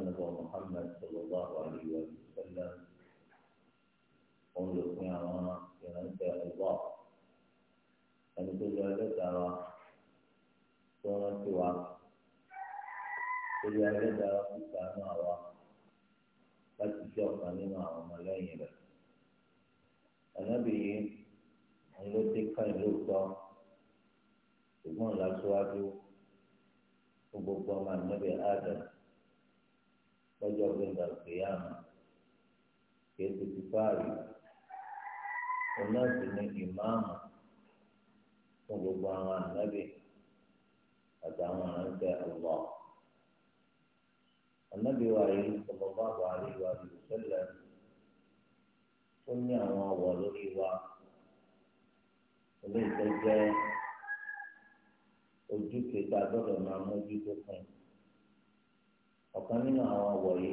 محمد محمد صلى الله عليه وسلم يا في عوانا ينسى الله أن كل ذلك ترى ثم يا كل ذلك ترى في سماوة يا تشوف لما وملايين النبي ló يا káyìn ló gbọ́ ṣùgbọ́n ìlàsíwájú يا gbogbo ọmọ ànábì ádám lọ́jọ́ gbẹ̀ngà òkèèyàn kìí ti ti fáàrí onáàtì ní ìmáàmù fún gbogbo àwọn ànábì àtàwọn ọlọ ànábì wa yìí sallallahu alaihi wa sallam ó ní àwọn awọ lórí wa ojú kẹta gbọ́dọ̀ máa fún un. ọ̀kan nínú àwọn wọ̀nyí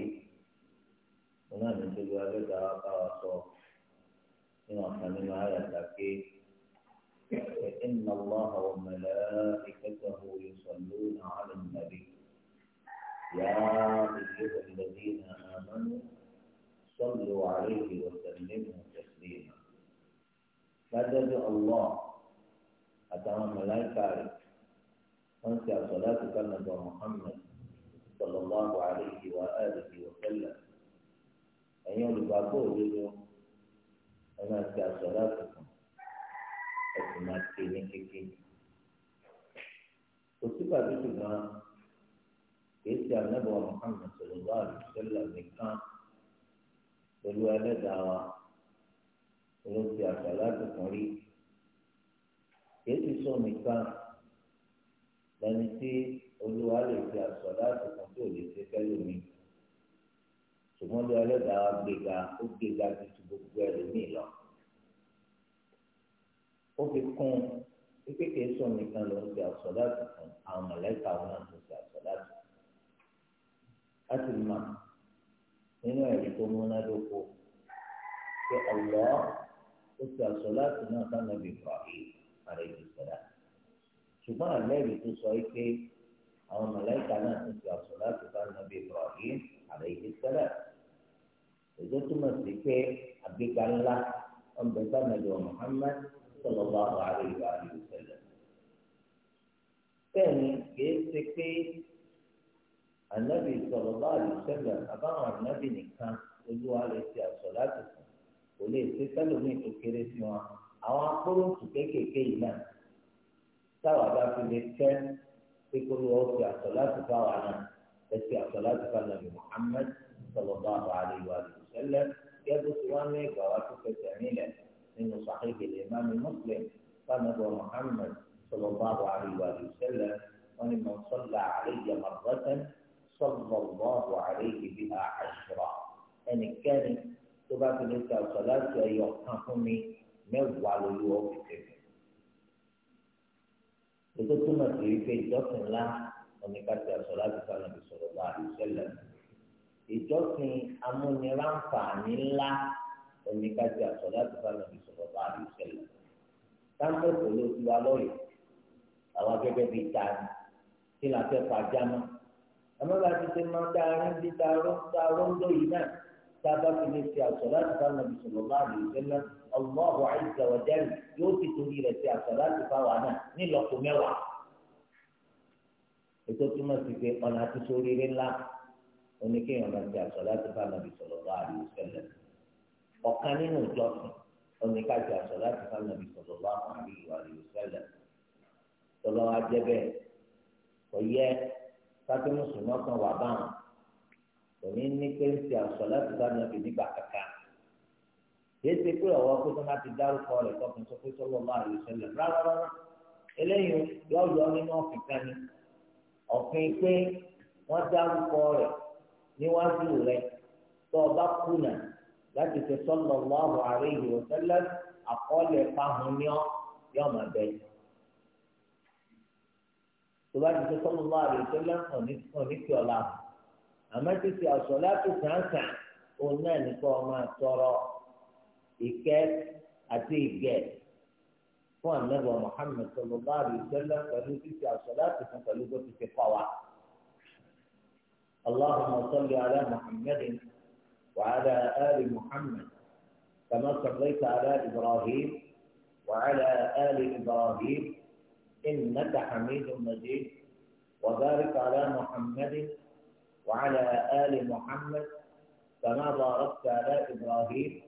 wọn náà ní tóbi abẹ́ta wa bá wa sọ nínú ọ̀kan nínú àyàtà pé إن الله وملائكته يصلون على النبي يا أيها الذين آمنوا صلوا عليه وسلموا تسليما فدد الله أتى ملائكة أنت صلاتك النبي محمد الله عليه وآله وسلم أن يلقى قوله وما أتى صلاتكم وما أتى وصفة بسمها يسأل النبوة محمد صلى الله عليه وسلم من كان والوالد دعوة ونسي صلاتكم لي يسأل نكان لأن olúwa lè fi àṣọ láti kan tí ò lè ṣe fẹ́lómi ṣùgbọ́n bí ọlọ́dàá wa gbéga ó gbéga ju ti gbogbo ẹlòmíì lọ ó fi kún kékeré sọ nìkan ló ń ṣe àṣọ láti kan àwọn mọ̀lẹ́ka wọn náà ń ṣe àṣọ láti kan láti mọ̀ nínú ẹ̀rí tó múnádóko pé ọ̀lọ́ ó ti àṣọ láti náà sánà bí fàáyé àrẹ ìṣẹ̀dá ṣùgbọ́n àlẹ́ rí tó sọ pé àwọn mọ̀lẹ́kà náà ti fi àṣọ láti bá nàbí Ibrahim alayhi salam èso túmọ̀ sí pé àgbéga ńlá ọ̀nbẹ sàmẹ̀lẹ̀ Muhammad sallallahu alayhi wa sallam. bẹ́ẹ̀ ni kìí ṣe pé ànábì sallallahu alayhi wa sallam àbáwọn ànábì nìkan olúwa lè ti àṣọ láti fún kò lè ṣe sẹ́lómi tó kéré sí wọn àwọn akóròǹtù kéékèèké yìí náà táwa bá fi lè tẹ́ يقول وفي الصلاة على تسي الصلاة فالنبي محمد صلى الله عليه وآله وسلم يدرس وانه قواتك التعميلة من صحيح الإمام مسلم نبو محمد صلى الله عليه وآله وسلم ومن صلى علي مرة صلى الله عليه بها عشرا يعني كان تبعت لك الصلاة أيها حكمي نوع للوقت ètò túmọ̀ sí wípé ìjọsìn ńlá oníkàtí àṣọlá ti fa nàbì sọ̀rọ̀ bá àdìsẹ́lẹ̀ ìjọsìn amúniránfààní ńlá oníkàtí àṣọlá ti fa nàbì sọ̀rọ̀ bá àdìsẹ́lẹ̀ táwọn èkó ló ti wá lọ́yọ̀ àwọn gẹ́gẹ́ bíi taari kí la fẹ́ fàájà mọ́ àmọ́ bá ti ṣe máa taari bíi taarọ́ taarọ́ ń náà tábà fi lè ṣe àsàlátù fáwọn Ànábì sallallahu alaihi wasallam Allahu azza wa jalla yóò ti torí rẹ̀ ṣe àsàlátù fáwọn àná nílọ́kù mẹ́wàá. ètò túmọ̀ sí pé ọ̀nà àti sóríire ńlá oníkéèyàn máa ṣe àsàlátù fáwọn Ànábì sallallahu alaihi wasallam ọ̀kan nínú ìjọsìn oníkàṣe àsàlátù fáwọn Ànábì sallallahu alaihi wasallam tọ́lọ́ ajẹ́bẹ̀ẹ́ kò yẹ káfíńsì náà kan wà báwọn òní ní pé ń ṣe àṣọ láti bá nàbì nígbà kankan kìí ṣe pé ọwọ́ pé tó máa ti dárúkọ rẹ̀ tọkùn tó pé sọ́lọ́ máa lè ṣẹlẹ̀ rárá eléyìí yọ nínú ọ̀fìn kan ni ọ̀fìn pé wọ́n dárúkọ rẹ̀ níwájú rẹ̀ tó o bá kùnà láti ṣe sọ́lọ́ lọ́wọ́ àárẹ̀ ìwò tẹ́lẹ̀ àkọọ́lẹ̀ pahùn ní ọ yọ ọmọ bẹ́ẹ̀ tó bá ti ṣe sọ́lọ́ lọ́wọ́ àárẹ̀ tẹ́lẹ̀ òní tí ọ̀la hàn. àmọ́ títí àṣọlá tó sàǹsàn òun náà nìkan máa àtọrọ ìkẹ́ àti ìgẹ̀ fún ànábọ̀ Muhammad sallallahu alaihi wasallam pẹ̀lú títí àṣọlá láti fún pẹ̀lú bó ti fi kọ́ wa. اللهم صل على محمد وعلى آل محمد كما صليت على إبراهيم وعلى آل إبراهيم إنك حميد مجيد وبارك على محمد وعلى آل محمد كما باركت على إبراهيم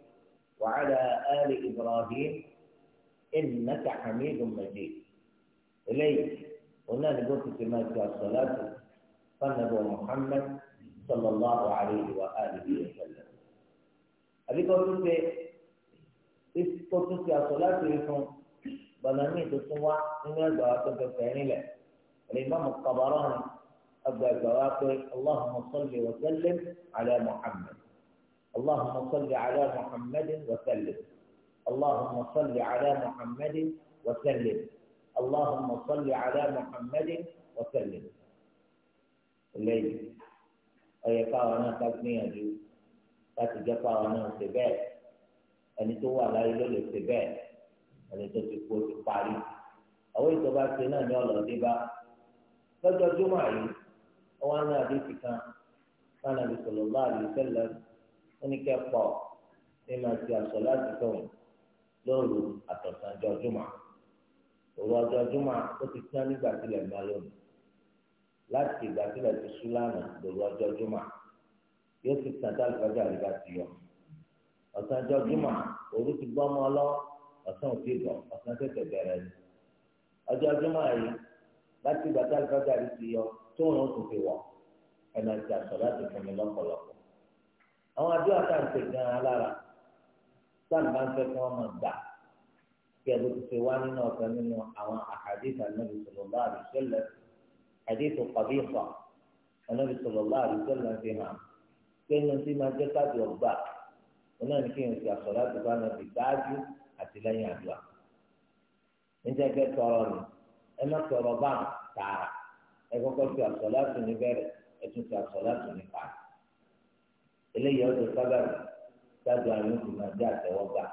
وعلى آل إبراهيم إنك حميد مجيد إليه قلنا نقول في مالك الصلاة فنبو محمد صلى الله عليه وآله وسلم أبي قلت قلت في الصلاة يكون بنامي تسوى إن يدعى تبقى الإمام الطبراني أبدا جوابي اللهم صل وسلم على محمد اللهم صل على محمد وسلم اللهم صل على محمد وسلم اللهم صل على محمد وسلم الليل أي كاونا تقنية جو تاتي كاونا سبات أن توا لا يلو سبات أن تتكو تقاري أو إذا بات سنة يولو ديبا فجأة جمعي ọwọ́ àná àdéhùn kan fáwọn àbí sallallahu alaihi wasallam ó ní kẹ́ ní máa ti àṣọ láti tó lóru jùmọ̀ òru ọjọ́ jùmọ̀ ó ti tán nígbà tílẹ̀ mọ́ lónìí láti ìgbà ti sú lánàá lóru ọjọ́ jùmọ̀ yóò ti tàn tá ti yọ jùmọ̀ òru ti gbọ́ yọ tó wọn kò fi wọ ẹ máa ti àṣọ láti fún mi lọ́pọ̀lọpọ̀ àwọn àdúrà tá à ń ṣe gan alára tá à ń bá ń fẹ́ kí wọn máa gbà kí ẹbí ti ṣe wá nínú ọ̀kan nínú àwọn àhàdíìsì ànábì sallallahu alaihi wasallam àdéhùn kàbíyèsọ ànábì sallallahu alaihi wasallam fi hàn pé ní ti máa jẹ káàdì ọgbà oná ní kí n ti àṣọ láti bá nàbì dáájú àti lẹ́yìn àdúrà níjẹ́ kẹ́ tọrọ ni ẹ má tọrọ bá tààrà ẹ kọ́kọ́ fi àsọ̀láàtù ní bẹ̀rẹ̀ ẹ tún fi àsọ̀láàtù ní pa eléyìí ọdún sábàbí sábàbí àwọn oṣù máa jẹ àtẹ́wọ́gbà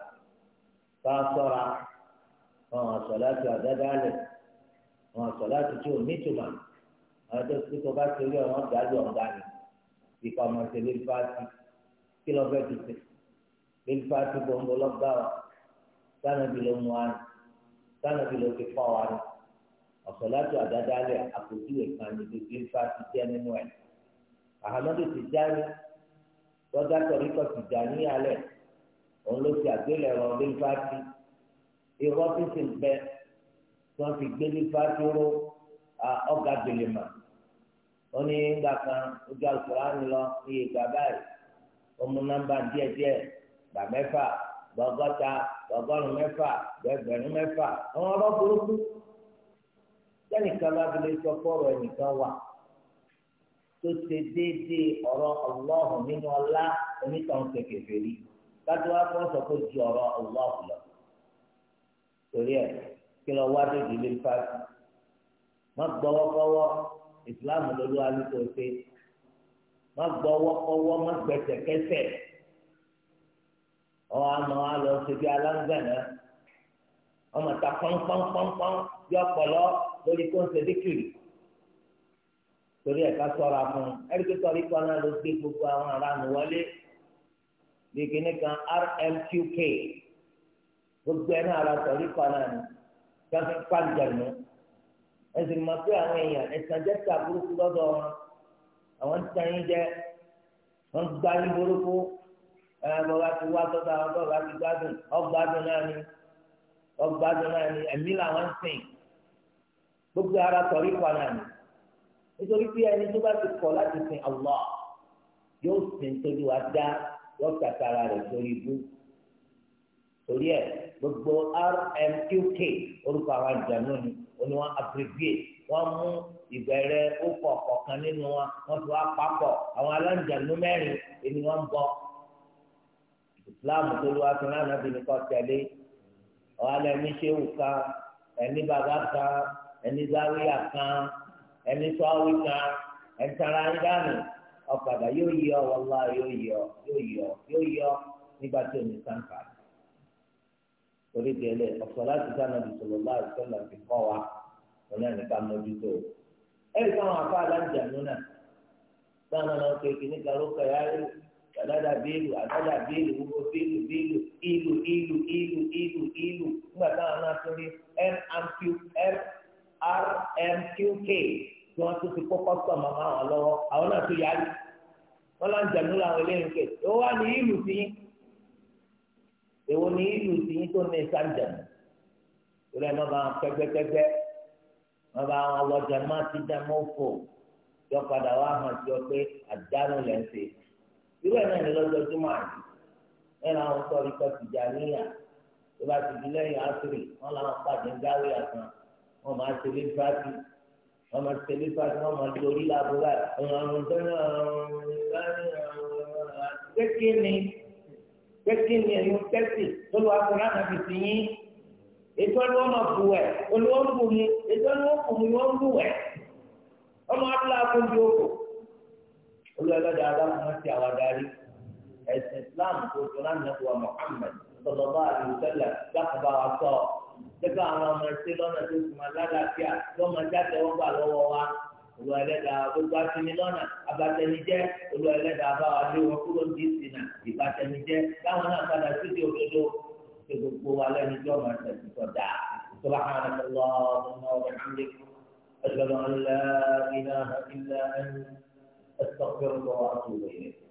bá a ṣọ́ra àwọn àsọ̀láàtù àdádálẹ̀ àwọn àsọ̀láàtù tí ò nítumọ̀ àwọn tó ti tó bá ti rí ọ̀rọ̀ gbàdúrà ọ̀gá ni ìkọ̀ ọmọ ìṣẹ̀lẹ̀ ìfáàtì kí lọ́ọ́ fẹ́ ti tẹ̀ ìfáàtì gbọ̀ngbọ̀ lọ́gbà wa sáà nàbì ló mú wa ni sáà nàbì ló ti fọ́ wa ni ọ̀sọ̀látò àdádálẹ̀ àpòjúwe kan ní gbogbo ifá ti jẹ́ nínú ẹ̀ Ahmadu Tijani tọ́jà tọ́ríkọ̀ Tijani alẹ̀ òun ló ti àgbélẹ̀rọ lé ifá ti irọ́ tó ti bẹ tí wọ́n fi gbé ifá ti ró ọ̀gá gbèlèmà ó ní ìgbà kan ojú alukóraní lọ iye ìgbà báyìí ó mú nọ́mbà díẹ̀díẹ̀ gbà mẹ́fà gbọ́gọ́ta gbọ́gọ́rùn mẹ́fà gbẹgbẹ̀rún mẹ́fà àwọn ọlọ́ sẹ́nìkan bá fi lè sọ fọ́ọ̀rọ̀ ẹnìkan wà tó ṣe déédéé ọ̀rọ̀ ọlọ́hùn nínú ọlá onítàn kẹkẹfẹ rí láti wá fún ọ̀sọ̀ kó ju ọ̀rọ̀ ọlọ́hùn lọ. torí ẹ kí lọ wá dé ìdílé fásitì má gbọ́wọ́kọ́wọ́ ìsìláàmù lólu alùpùpù ṣe má gbọ́wọ́kọ́wọ́ má gbẹ̀sẹ̀kẹsẹ̀ ọ̀ àmọ́ àlọ́ ṣe bí alágbàná ọmọ ta pọ́npọ́npọ́npọ́n yọ ọpọlọ lórí kóńsẹ díkìrì torí ẹ̀ka sọ̀ra fún ẹ̀ríkítọ́ rí kan náà ló gbé gbogbo àwọn aráàlú wọlé bí kíní kan rmqk gbogbo ẹ̀ náà aráàlú rí kan náà ni jáfi pàǹjẹ̀mú ẹ̀sìn mọ̀ pé àwọn èèyàn ẹ̀sìn àjẹsà burúkú lọ́dọ̀ wọn àwọn ti tàn yín jẹ wọn gba yín burúkú ẹ bọba ti wá tọ́ta wọn ti gbádùn ọgbádùn náà ni ọgbádùn náà ni ẹ̀mí làwọn ń sìn gbogbo ara sọ̀rí kwana ni nítorí pé ẹni tó bá ti kọ̀ láti sin Allah yóò sin tójú wa dá yóò tàkàrà rẹ̀ sórí ibú torí ẹ gbogbo rmqk orúkọ àwọn àjànú ni oní wọn aggregate wọn mú ìbẹ̀rẹ̀ ọkọ̀ kọ̀ọ̀kan nínú wọn wọn fi wá papọ̀ àwọn alájànú mẹ́rin èmi wọn bọ Islam tó ló wá fi rán ànábì nìkan tẹ̀lé ọ̀hálà ẹni ṣéwù kan ẹni bàbá kan. ẹni záwíyà kan ẹni sọ́wí kan ẹni tara ń dànù ọ̀kadà yóò yí ọ wọlá yóò yí ọ yóò yí ọ yóò yí ọ nígbà tí omi sáǹkà torí gẹlẹ ọ̀sọ̀ láti sáná bí sọ̀rọ̀ bá kọ́ wa wọn náà nìkan mójútó ẹ̀rí káwọn afá aláǹjà náà ya rí àdáda gbogbo ìlù ìlù ìlù ìlù ìlù mqk tí wọ́n tún fi kó kọ́sọ̀mù àwọn lọ́wọ́ àwọn náà tó yarí wọ́n lọ ń jẹ̀mú làwọn eléyìí kẹ̀ èwo wá ní ìlú sí yín èwo ní ìlú sí yín tó ní sàǹjẹ̀mù ìrẹ́ mọ́ bá wọn kẹ́gbẹ́kẹ́gbẹ́ mọ́ bá wọn lọ́jà má ti dá mọ́ fò yọ padà wá hàn sí ọ pé àdánù lẹ́ ń ṣe ìrẹ́ náà ní lọ́jọ́júmọ́ àti ẹ̀rọ àwọn sọ̀rọ̀ ìkọ̀ níyà tó bá ti di lẹ́yìn àṣírí wọ́n làwọn pàdé ń dáwé àtàn wọn máa ṣe lé fáàtì wọn máa ṣe lé fáàtì wọn máa lórí làbúrà ọ̀hún tẹ́lẹ̀ kékeré ni kékeré ni ẹ̀yọ́ tẹ́sì olùwàkùnrin àti tìyín ètò ẹni wọn máa bù ẹ olùwọ́n bù mí ètò ẹni wọn bù mí wọn bù ẹ wọn máa bú àkójọ olùwàlọ́dà aláwọ̀ ti àwọn adarí ẹ̀sìn Islam tó tó lánàá wa Muhammad sọlọ́bà àdìsẹ́lẹ̀ dákàbà wa sọ lẹ́gbẹ́ àwọn ọmọ ẹsẹ̀ lọ́nà tó sì máa lálàáfíà lọ́mọ jáde wọ́n gbà lọ́wọ́ wa olú ẹlẹ́dàá gbogbo asinmi lọ́nà abatẹnijẹ́ olú ẹlẹ́dàá bá wa lé wọn kúrò ní ìsìnà ìbatẹnijẹ́ táwọn náà padà síbi òdodo ṣe gbogbo wa lẹ́nu tí ọmọ ẹsẹ̀ ti sọ̀dà سبحانك اللهم وبحمدك أشهد أن لا إله إلا أنت أستغفرك وأتوب إليك